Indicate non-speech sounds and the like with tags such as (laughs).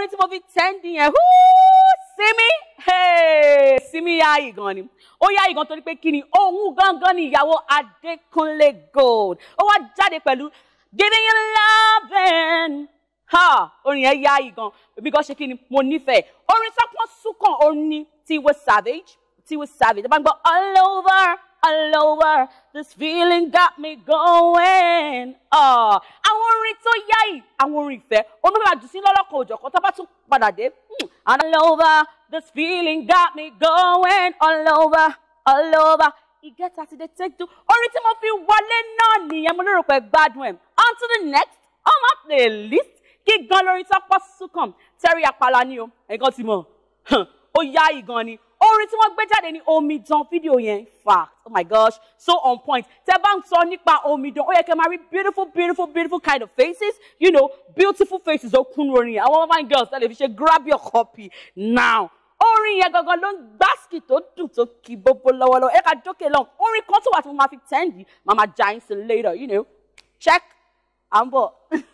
orin tí mo fi tẹ́ǹdì yẹn sími sími yá ìgan ni ó yá ìgan torí pé kí ni òun gangan ni ìyàwó Adékúnlé Gold ó wá jáde pẹ̀lú giving you loving ha orin yẹn yá ìgan èmi gan ṣe kí ni mo nífẹ̀ẹ́ orin sápọ́n súnkàn orin ni Tiwa Savage Tiwa Savage ẹ bá ń gbọ́ all over all over this feeling got me going. Uh, orin tó yáyì àwọn orin ìfẹ́ onífẹ́ àjù sí lọ́lọ́kan òjọ̀kan tó bá tún padà dé. Hmm, all over this feeling got me going all over all over ìgẹ́ ta ti dé take two orin tí mo fi wọlé náà nìyẹn mo lérò pé gbádùn ẹ̀ on to the next on my playlist kí gan lórí tọ́pọ̀ sukùn tẹ́rí apala ni o ẹ̀gán ti mọ̀ (laughs) ó yáyì gan ni orin tí wọ́n gbé jáde ní omidan fídíò yẹn fact oh my gosh so on point tẹ bá ń sọ nípa omidan ó yẹ kẹ́ máa rí beautiful beautiful beautiful kind of faces you know beautiful faces ó kún orin yẹn àwọn woman girls tẹ́lẹ̀ fi ṣe grab your copy now orin yẹn gangan ló ń gbásìkì tó dùn tó kì bóbó lọ́wọ́lọ́wọ́ ẹ ká jókè lọ́hùn orin kan tó wà tí mo máa fi tẹ́ǹdì màmá jayin sí later you know check à (laughs)